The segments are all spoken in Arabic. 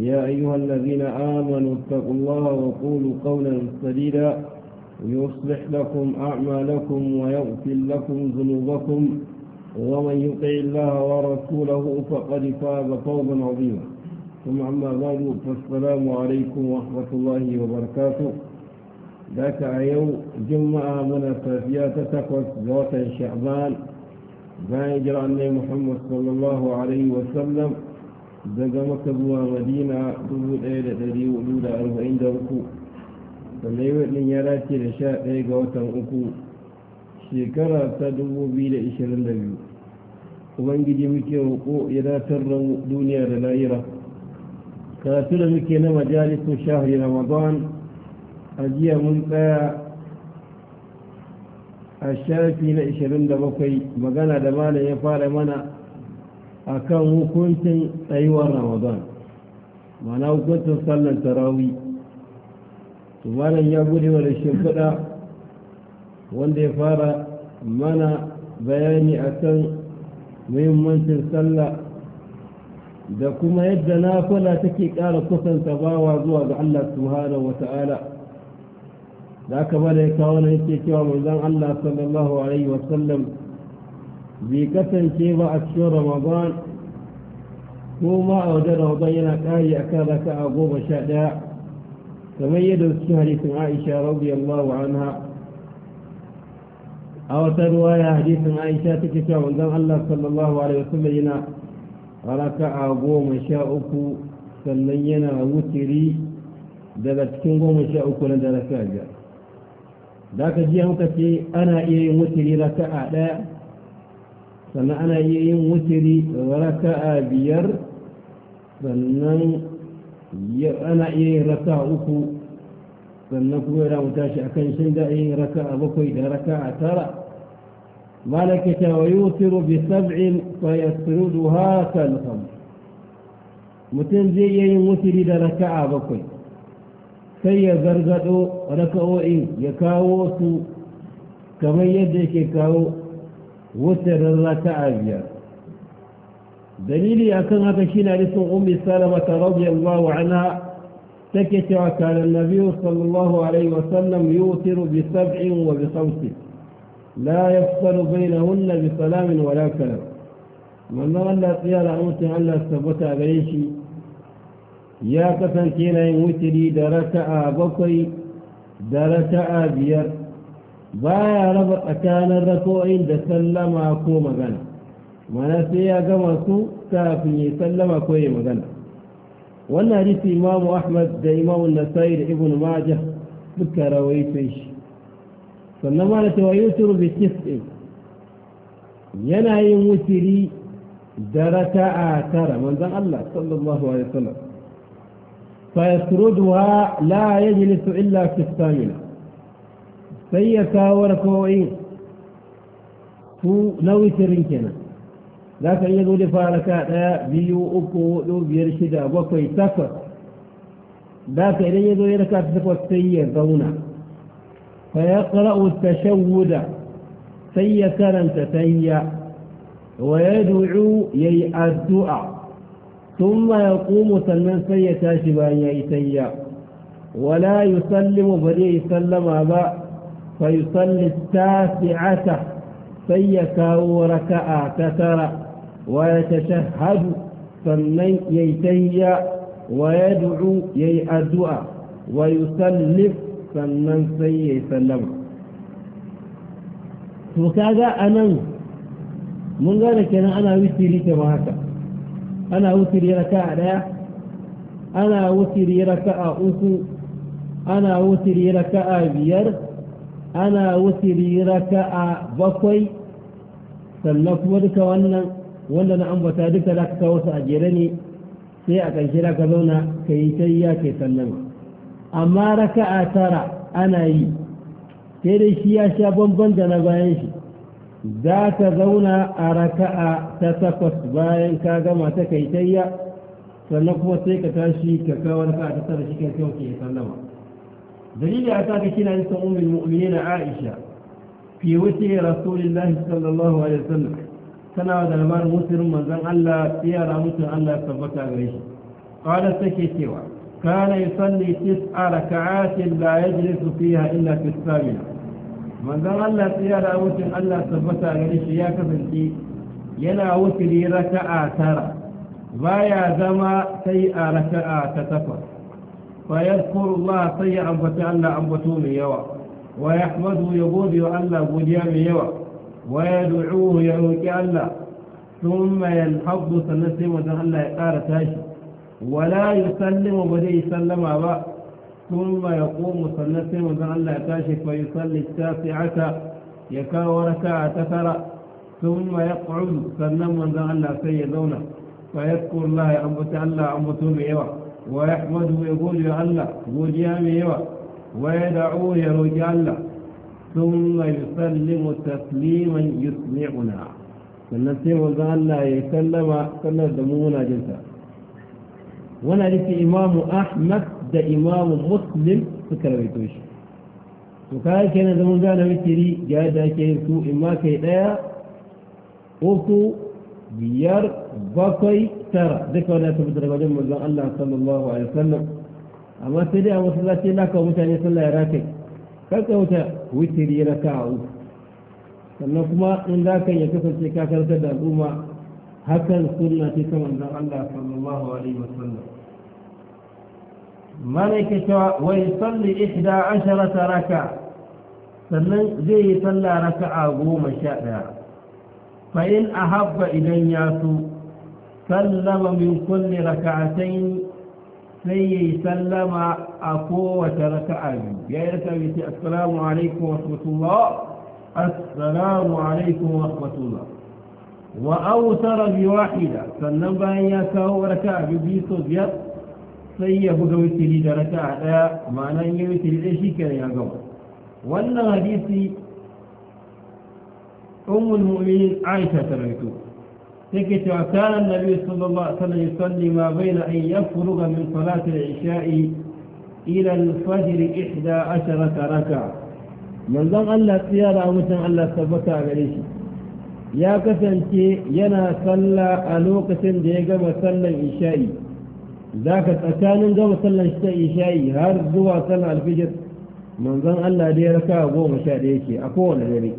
يا أيها الذين آمنوا اتقوا الله وقولوا قولا سديدا يصلح لكم أعمالكم ويغفر لكم ذنوبكم ومن يطع الله ورسوله فقد فاز فوزا عظيما ثم أما بعد فالسلام عليكم ورحمة الله وبركاته ذاك يوم جمعة من الثلاثية تقوى ذات شعبان ما يجرى النبي محمد صلى الله عليه وسلم daga maka zuwa madina 1443 sannan yi ya dace da 11 ga watan uku shekara ta 2022 ubangiji muke roƙo ya datar da duniya da lahira karatu da muke na majalisu shahari ramadan a jiya mun tsaya a shafi na 27 magana da malam ya fara mana akan hukuncin tsayuwar ramadan mana hukuncin sallar tarawi tumanin ya gudu wa da shimfiɗa wanda ya fara mana bayani akan muhimmancin sallah da kuma yadda nafila take ƙara kusanta bawa zuwa ga Allah subhanahu wata'ala da aka bada ya kawo na yake cewa manzon Allah sallallahu alaihi wasallam bai kasance ba a cikin ramadan ko ma a wajen ramadan yana ƙari a kan raka a goma sha ɗaya kamar yadda cikin hadisin aisha radiyallahu anha a wata ruwaya hadisin aisha take cewa manzon Allah sallallahu alaihi wasallam yana raka a goma sha uku sannan yana wutiri daga cikin goma sha uku na da raka biyar da ka ji muka ce ana iya yin wutiri raka'a ɗaya sannan ana iya yin wutiri raka'a biyar sannan ana iya yin raka'a uku sannan kuma yana mu tashi akan shin da yin raka'a bakwai da raka'a tara malaka ta wa yutiru bi sab'in fa yasruduha kal kham mutum zai iya yin wutiri da raka'a bakwai sai ya zargado raka'o'in ya kawo su kamar yadda yake kawo وسرر لك أبيض دليلي أكن هذا شين عليه أم سلمة رضي الله عنها تكت وكان النبي صلى الله عليه وسلم يوتر بسبع وبصوت لا يفصل بينهن بسلام ولا كلام من ظل قيل أموت ألا ثبت أبيش يا قسنتين يوتري درس أبطي درس أبيض baya raba tsakanin rako'in da sallama ko magana mana sai ya gama su kafin ya sallama ko ya magana wannan hadisi imamu ahmad da imamu nasai da ibn majah duka rawaito shi sannan ma da tawayyutur bi tis'in yana yin wutiri da raka'a tara manzon Allah sallallahu alaihi wasallam fa yasruduha la yajlisu illa fi thamina sai ya kawo raka'o'in su na witirin kenan za ka iya zo da fara ka ɗaya biyu uku hudu biyar shida bakwai takwas za ka idan ya zo ya raka takwas sai ya zauna fa ya ƙara'u tashawuda sai ya karanta tayya wa ya du'u ya yi addu'a sun ma ya ƙumu sannan sai ya tashi bayan ya yi tayya wala yusallimu ba zai sallama ba فيصلي التاسعة فيكاو ركاء كثرة ويتشهد فمن ييتي ويدعو ييأدعى ويسلف فمن سيسلم وكذا أنا من ذلك أنا أنا وسيري كما هكا أنا وسيري ركاء لا أنا وسيري ركاء أسو أنا وسيري ركاء بير ana wutiri raka'a bakwai sannan kuma duka wannan wanda na ambata duka za ka kawo su a jere ne sai a ƙarshe za ka zauna ka yi ta tayya ke sannan amma raka'a tara ana yi sai dai shi ya sha bamban da na bayan shi za ka zauna a raka'a ta takwas bayan ka gama ta kai iya sannan kuma sai ka tashi ka kawo raka'a ta tara shi kai kyau ke sallama دليل أتاك كنا أنت أم المؤمنين عائشة في وتر رسول الله صلى الله عليه وسلم تنا هذا المار مسر من زن الله سيارة مسر الله سبك أغريش قال سكيتوا كان يصلي تسع ركعات لا يجلس فيها إلا في الثامنة من زن الله سيارة مسر الله سبك أغريش يا كفنتي ينا وسري ركعة ترى ويا زما سيئة ركعة تتفر فيذكر الله سي فتعلى ألا أنبتون يوا ويحمده يقول ألا بجام يوا ويدعوه يعوك ألا ثم ينحض سنسيم ألا يقار تاشي ولا يسلم بدي سلم أبا ثم يقوم سنسيم ألا تاشي فيصلي التاسعة يكا وركا تترى ثم يقعد سنم ألا سيدونه فيذكر الله أنبت ألا أنبتون يوا ويحمده يقول يا الله godiya mai yawa waya da'u ya roƙi Allah sun mai sallimu tasliman yusmi'una sannan sai wanzan Allah ya sallama sallar da mu muna jinta wani hadisi imamu ahmad da imamu muslim suka rawaito shi to kayan kenan zaman gane wikiri ga yadda ake yin su in ma kai ɗaya uku ير بطي ترى ذكر الله سبحانه وتعالى مزا الله صلى الله عليه وسلم أما تري أو صلاة لا كم تاني صلاة راتي كم كم وتري ركعة سنقوم إن ذاك يكسر سكاك الكذبوما هكا السنة كما الله صلى الله عليه وسلم ملك شوى ويصلي إحدى عشرة ركعة سنن زي صلى ركعة قوم شاء فإن أحب إذن ياسو سلم من كل ركعتين سي سلم أقوة ركعة يا ركعتي السلام عليكم ورحمة الله السلام عليكم ورحمة الله وأوتر بواحدة سلم بأن ياسو ركعة بيسو بيض سي يهدو buga ركعة معنى raka a ɗaya ma'ana in yi witiri أم المؤمنين عائشة ترويته تكت وكان النبي صلى الله عليه وسلم يصلي ما بين أن يفرغ من صلاة العشاء إلى الفجر إحدى عشرة ركعة من ذن الله سيارة ومسن الله سبتا عليه ya kasance yana sallah a lokacin da ya gama sallan isha'i za ka tsakanin gama sallan ta isha'i har zuwa sallan alfijir manzon Allah da ya raka goma sha ɗaya ke a kowane dare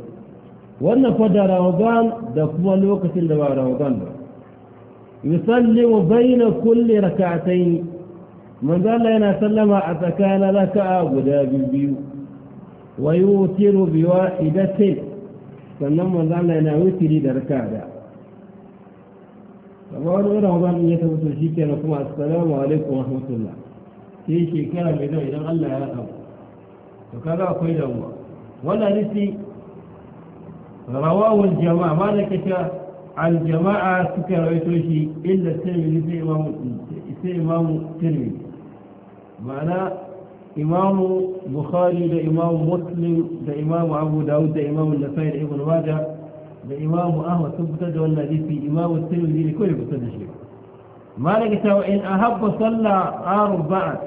wannan fa da ramadan da kuma lokacin da ba ramadan ba yusallimu baina kulli rak'atayn manzo Allah yana sallama a tsakanin raka'a guda biyu wa yutiru bi wahidatin sannan manzo Allah yana wutiri da raka'a da amma wani wani ramadan ya tafi to shi kenan kuma assalamu alaikum wa rahmatullah sai shekara mai zai idan Allah ya rasa to kaga akwai damuwa wannan hadisi رواه الجماعة ما عن الجماعة سكر ويتوشي إلا السلمي في إمام إمام الترمذي معنى إمام بخاري ده إمام مسلم ده إمام أبو داود ده إمام النسائي ده ابن ماجه ده إمام أحمد سبتد والذي في إمام السلمي لكل بسد شيء ما لك وإن أحب صلى بعد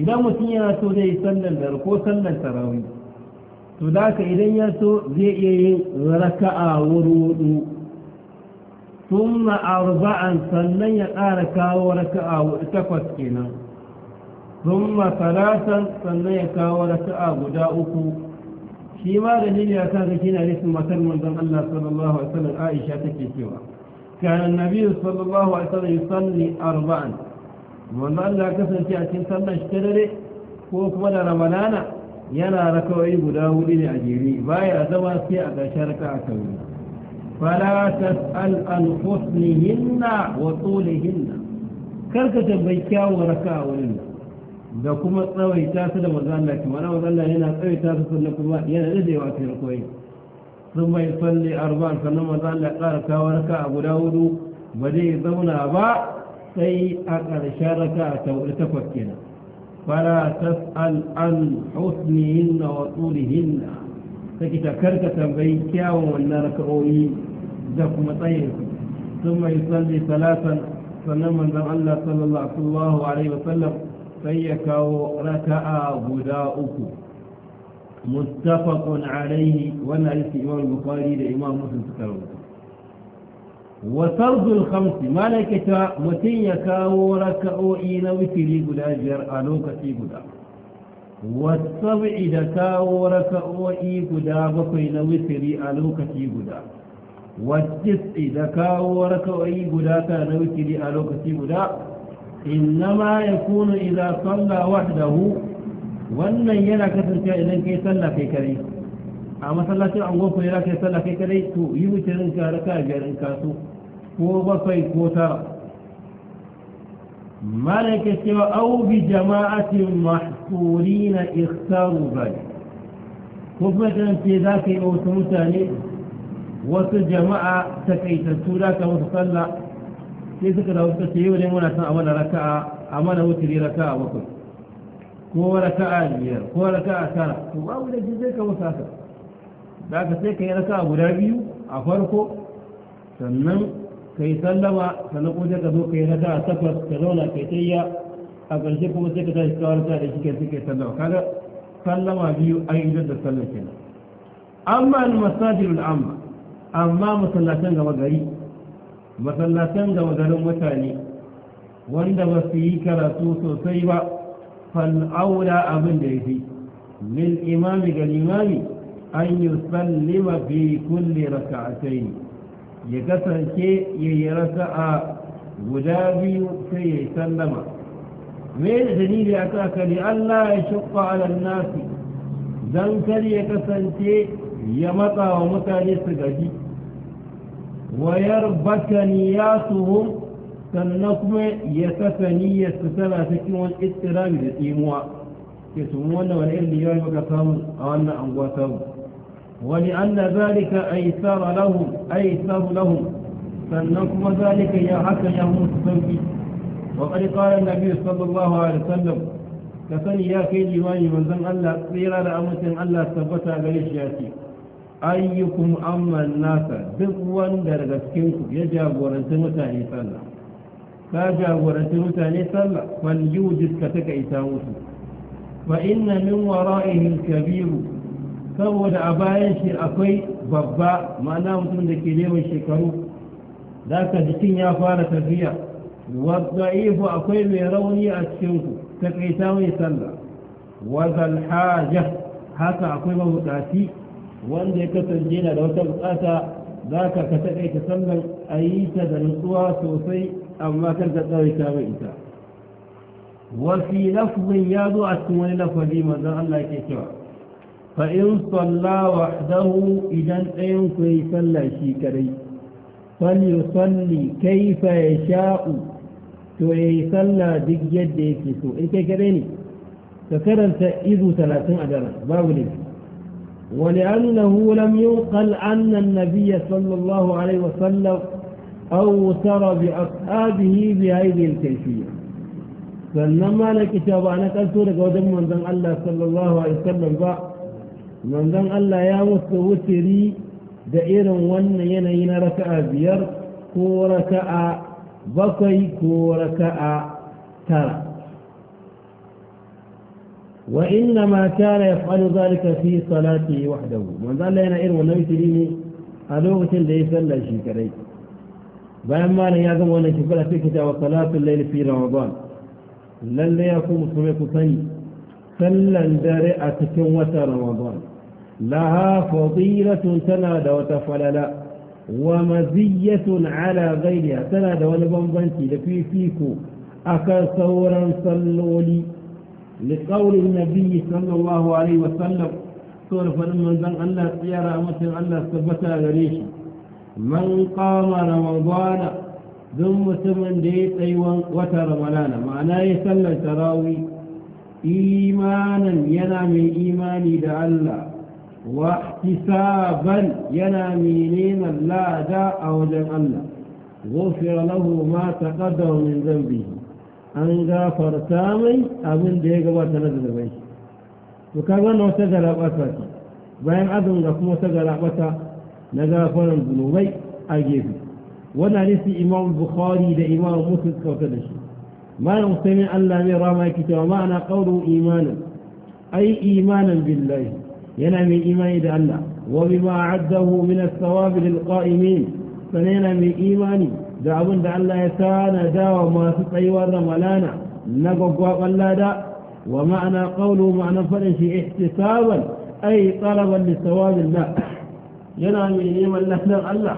إذا متين سوداء صلى الله عليه وسلم to da ka idan ya so zai iya yin raka'a wurwudu ثم أربعا سنن يقارك وركاء تفت كنا ثم ثلاثا سنن يقارك وركاء بداؤك شما دليل يكاد كنا لسم وسلم من الله صلى الله عليه وسلم عائشة تكسوا كان النبي صلى الله عليه وسلم يصلي أربعا ومن الله كسر شيئا سنن اشترر وكمل رمضان yana rakawai guda hudu ne a jere baya zama sai a ƙarshen raka a kan fala tas'al an husnihinna wa tsulihinna karka tambayi kyawun raka a wurin da kuma tsawaita su da mazalla kamar mazalla yana tsawaita su sannan kuma yana dadewa sai rakawai sun mai tsalli arba'in sannan mazalla ƙara kawo raka a guda hudu ba zai zauna ba sai a ƙarshen raka a takwas kenan فلا تسأل عن حسنهن وطولهن سكت كركة بيكا والنركعوين ذاك مطير ثم يصلي ثلاثا فنما ذن الله صلى الله عليه وسلم فيك ركع بداؤك متفق عليه وانا إمام البخاري لإمام مسلم تكرمه وفرض الخمس ملكة متين يكاو ركعوئي نوتري قدا جر ألوكتي قدا والسبع دكاو ركعوئي قدا بقي نوتري ألوكتي قدا والتسع دكاو ركعوئي قدا كنوتري ألوكتي قدا إنما يكون إذا صلى وحده وأن ينكسر كإذن كي صلى في كريم a masallacin angon ku ne za ka yi sallah kai kadai to yi wuce ko bakwai ko tara malaka cewa au bi jama'atin mahsurina ikhtaru bai ko kuma ce za ka yi wasu mutane wasu jama'a takaitattu da ka musu sallah sai suka da wasu ce yau ne muna san a mana raka'a a mana wuturi raka'a bakwai ko raka'a biyar ko raka'a tara to babu da jin zai ka musu haka da ka sai ka yi raka'a guda biyu a farko sannan ka yi sallama sannan kuma sai ka zo ka yi raka a takwas ka zauna ka yi tayya a ƙarshe kuma sai ka tashi kawar ta da shike suke sallama kaga sallama biyu an yi da sallar kenan amma al-masajidul amma amma masallatan gaba gari masallatan gaba garin mutane wanda ba su yi karatu sosai ba fal'aula abin da ya fi lil imami ga limami an yi sallima fi kulli raka'ataini ya kasance ya yi a guda biyu sai ya yi sallama me dalili a kaka ne Allah ya shukwa alal nasi don kar ya kasance ya matsa wa mutane su gaji wayar baka niyatuhum sannan kuma ya saka niyyarsu tana cikin wani istirami da tsimuwa ke su wannan wani irin da yawa muka samu a wannan anguwa samu ولأن ذلك أيسر لهم أيسر لهم فلنكم ذلك يا حتى يا مستنفي وقد قال النبي صلى الله عليه وسلم كفني يا كيدي واني وزن ألا قيل على أمس ألا ثبت على شياتي أيكم أما الناس دقوا درجتكم يجاب ورسم تاني صلى فاجاب ورسم تاني صلى فليوجد كتك إسامه فإن من ورائه الكبير saboda a bayan shi akwai babba ma'ana mutum da ke neman shekaru da ka jikin ya fara tafiya wadda ifu akwai mai rauni a cikinku ta kaita mai sallah wazal haja haka akwai mabukaci wanda ya kasance na da wata bukata za ka ka taƙaita sallar a yi ta da nutsuwa sosai amma kan ta tsawaita mai ita wafi lafzin ya zo a cikin wani lafazi manzon Allah ke cewa فإن صلى وحده إذا أين كي صلى شيكري فليصلي كيف يشاء توي صلى دك يديك سوء إيه كريني فكرنت إذو ثلاثين أدرا باولي ولأنه لم ينقل أن النبي صلى الله عليه وسلم سر بأصحابه بهذه الكيفية فلما لك شابانا قلت لك ودم من الله صلى الله عليه وسلم بقى manzon Allah ya musu wutiri da irin wannan yanayi na raka'a biyar ko raka'a bakwai ko raka'a tara wa inna ma kana yaf'alu zalika fi salati wahdahu manzon Allah yana irin wannan wutiri ne a lokacin da ya sallah shi kadai bayan malam ya gama wannan shekara sai kita wa salatul layl fi ramadan lalle ya ku musulmai ku sani sallan dare a cikin wata ramadan لها فضيلة تنادى وتفللا ومزية على غيرها تنادى ونبنبنتي لفي فيكو أكل ثورا لي لقول النبي صلى الله عليه وسلم سورة فلما انزل الله سيارة مثل الله سبتا غريش من قام رمضان ثم ثمن ديت أي أيوة وتر ملانا معناه يسلم تراوي إيمانا ينام إيماني لأ واحتسابا ينامي نيما لا داء وجل الله غفر له ما تقدم من ذنبه أن غافر تامي أمن ديك واتنزل بيه وكما نوتجل أبواتي بين أذن لكم وتجل أبواتي نغافر الذنوبي أجيب وانا لسي إمام البخاري لإمام مسلس كوتدش ما نمتمع الله من رامي كتاب ومعنى قوله إيمانا أي إيمانا بالله ينمي إيماني بأن وبما أعده من الثواب للقائمين فننمي إيماني دعون بأن لا يسانا دا وما تطعي ورم لانا نقوا ولا دا ومعنى قوله معنى فرش احتسابا أي طلبا لثواب الله ينمي إيمان لحنا ألا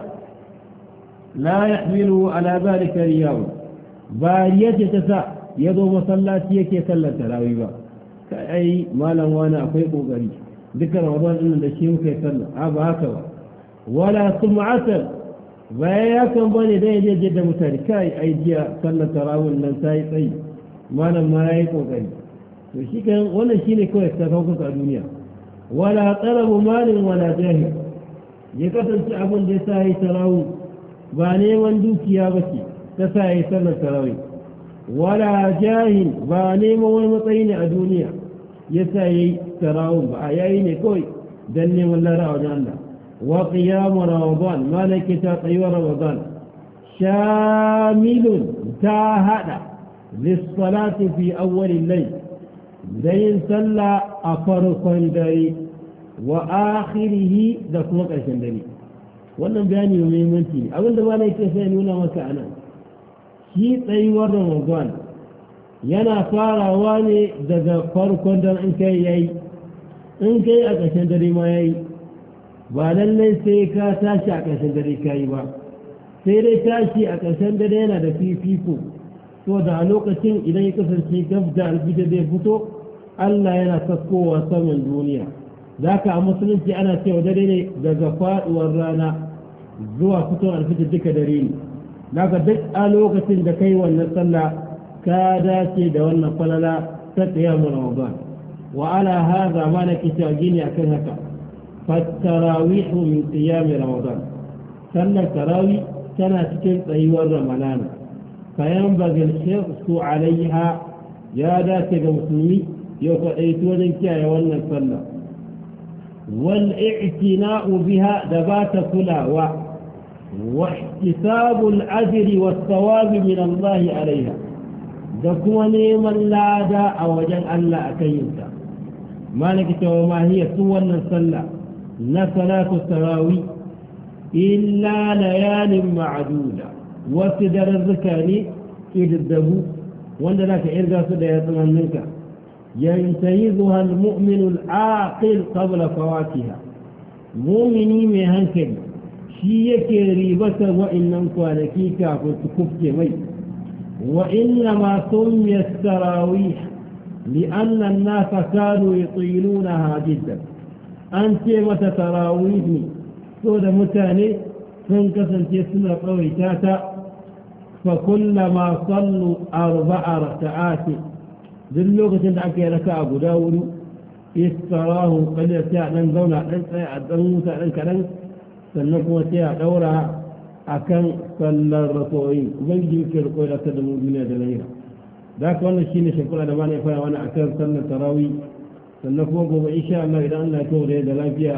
لا يحمل على ذلك رياض بارية تساء يدو مصلاتيك يسلت راويبا أي ما لم وانا أخيقه قريب ذكر رمضان ان الاشياء كيفن هذا هكذا ولا ثم عسل ويا كم بني دي دي جدا متركاي اي جيا صلى تراوي النسائي طيب ما انا ما رايك وغني وشي كان ولا شيء لك يستفوق في الدنيا ولا طلب مال ولا جاه يكتب شعب لساي تراوي واني وندوك يا بكي تساي صلى تراوي ولا جاه واني مول مطين الدنيا يسايي تراوم بآيائيني كوي دلني والله رعوضان وقيام رعوضان مالك تاقي أيوة رمضان شامل تا تاهد للصلاة في أول الليل زين صلى أفرق داري وآخره دكوكا شندري wannan bayani mai muhimmanci ne abin da ba na yake sai nuna maka yana farawa ne daga farkon don in kai yayi in kai a ƙarshen dare ma yayi ba lallai sai ka tashi a ƙarshen dare ka yi ba sai dai tashi a ƙarshen dare yana da fifiko to da a lokacin idan ya kasance gafda da zai fito allah yana sakkowa saman duniya za ka a musulunci ana cewa dare ne daga faɗuwar rana zuwa fitowar alfijir duka dare ne za duk a lokacin da kai wannan sallah ka dace da wannan falala ta tsiyamu ramadan wa ala hadha ma nake cewa gini akan haka fattarawih min qiyam ramadan sallar tarawih tana cikin tsayuwar ramadan fayan bazil hirsu alaiha ya dace ga musulmi ya faɗaitu wajen kiyaye wannan sallah wal i'tina'u biha da ba ta kulawa واحتساب الأجر والثواب من الله عليها da kuma neman lada a wajen Allah a kan yinsa malaki cewa ma hiya su wannan sallah na salatu tarawi illa layalin ma'aduda wasu daren zuka ne ƙididdabu wanda za ka irga su da yatsun hannunka ينتهزها المؤمن العاقل قبل فواتها مؤمني من هنكل شيء كريبة وإن لم كان كيكا kufke mai وإنما سميت تراويح لأن الناس كانوا يطيلونها جدا أنت متى تراويحني سودة متاني فانكسن تسنى قويتاتا فكلما صلوا أربع ركعات باللغة العكي لك أبو داود استراه قليل ساعة ننزونا ننسى عدن موسى ننكرن سنقوة ساعة دورها akan sallar rako'in ubangiji yake riko da ta da mu duniya da lahira da ka wannan shine shekula da bani ya fara wani akan sallar tarawih sannan kuma gobe insha Allah idan Allah ya kawo da lafiya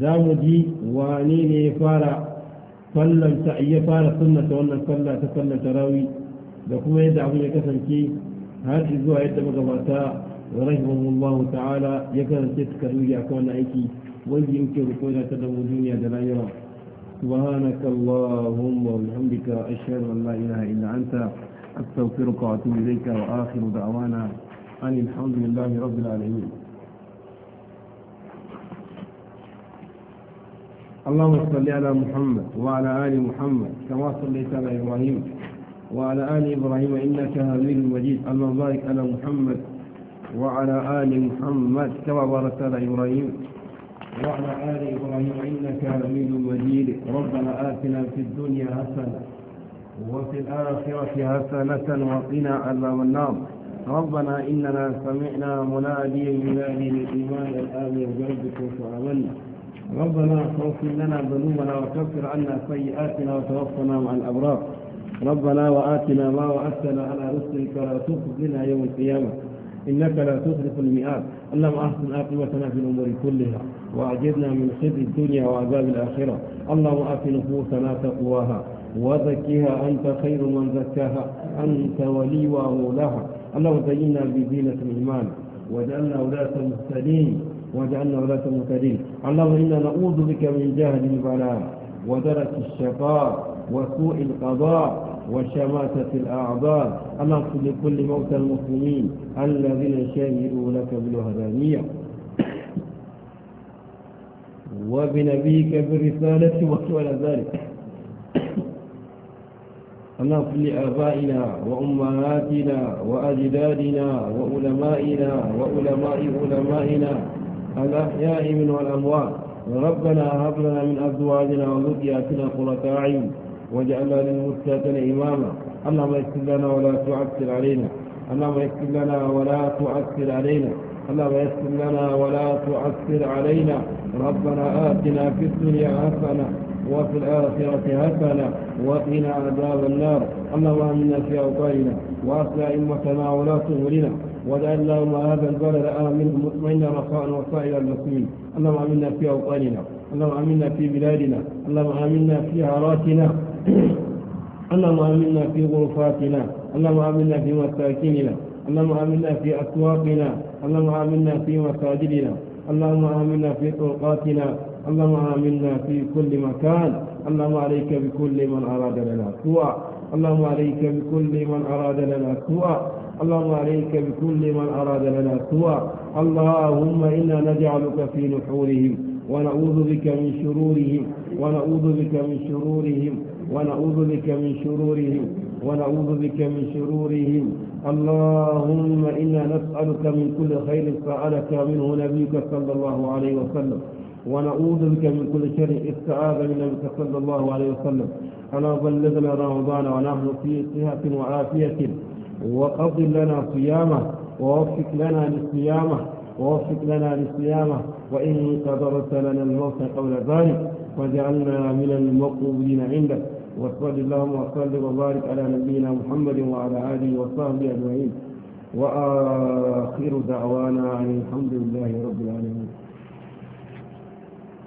za mu ji wane ne ya fara sallar ta iya fara sunnata wannan sallah ta sallar tarawih da kuma yadda abin ya kasance har zuwa yadda magabata rahimahullahu ta'ala ya kasance suka dubi akan wannan aiki wanda yake riko da ta da mu duniya da lahira سبحانك اللهم وبحمدك أشهد أن لا إله إلا أنت أستغفرك وأتوب إليك وآخر دعوانا أن الحمد لله رب العالمين اللهم صل على محمد وعلى آل محمد كما صليت على إبراهيم وعلى آل إبراهيم إنك حميد مجيد اللهم بارك على محمد وعلى آل محمد كما باركت على إبراهيم وعلى آل إبراهيم إنك حميد مجيد ربنا آتنا في الدنيا حسنة وفي الآخرة حسنة وقنا عذاب النار ربنا إننا سمعنا مناديا ينادي للإيمان الآن بربكم فآمنا ربنا اغفر لنا ذنوبنا وكفر عنا سيئاتنا وتوفنا مع الأبرار ربنا وآتنا ما وعدتنا على رسلك ولا تخزنا يوم القيامة إنك لا تخلف المئات اللهم أحسن عاقبتنا في الأمور كلها وأعجبنا من خزي الدنيا وعذاب الآخرة اللهم آت نفوسنا تقواها وزكها أنت خير من زكاها أنت ولي ومولاها اللهم زينا بزينة الإيمان واجعلنا ولاة المهتدين واجعلنا ولاة المهتدين اللهم إنا نعوذ بك من جهل البلاء ودرك الشقاء وسوء القضاء وشماتة الأعضاء اللهم لكل موتى المسلمين الذين شهدوا لك بالوهدانية وبنبيك بالرسالة وعلى ذلك اللهم لآبائنا وأمهاتنا وأجدادنا وعلمائنا وعلماء علمائنا الأحياء من والأموات ربنا هب لنا من أزواجنا وذرياتنا قرة أعين واجعلنا للمتقين إماما اللهم يسر لنا ولا تعسر علينا اللهم يسر لنا ولا تعسر علينا اللهم يسر لنا ولا تعسر علينا ربنا آتنا في الدنيا حسنة وفي الآخرة حسنة وقنا عذاب النار اللهم آمنا في أوطاننا وأصلح أئمتنا ولا أمورنا واجعل اللهم هذا البلد آمنا مطمئنا رخاء وسائر المسلمين اللهم آمنا في أوطاننا اللهم آمنا في بلادنا اللهم آمنا في عراقنا اللهم آمنا في غرفاتنا اللهم آمنا في مساكننا اللهم آمنا في أسواقنا اللهم آمنا في مساجدنا اللهم آمنا في طرقاتنا اللهم آمنا في كل مكان اللهم عليك بكل من أراد لنا سوء اللهم عليك بكل من أراد لنا سوء اللهم عليك بكل من أراد لنا سوء اللهم إنا نجعلك في نحورهم ونعوذ بك من شرورهم ونعوذ بك من شرورهم ونعوذ بك من شرورهم ونعوذ بك من شرورهم اللهم إنا نسألك من كل خير سألك منه نبيك صلى الله عليه وسلم ونعوذ بك من كل شر استعاذ من نبيك صلى الله عليه وسلم أنا بلغنا رمضان ونحن في صحة وعافية وقض لنا صيامه ووفق لنا لصيامه ووفق لنا لصيامه وإن قدرت لنا الموت قبل ذلك وجعلنا من المقبولين عندك وصل اللهم وسلم وبارك على نبينا محمد وعلى آله وصحبه أجمعين وآخر دعوانا أن الحمد لله رب العالمين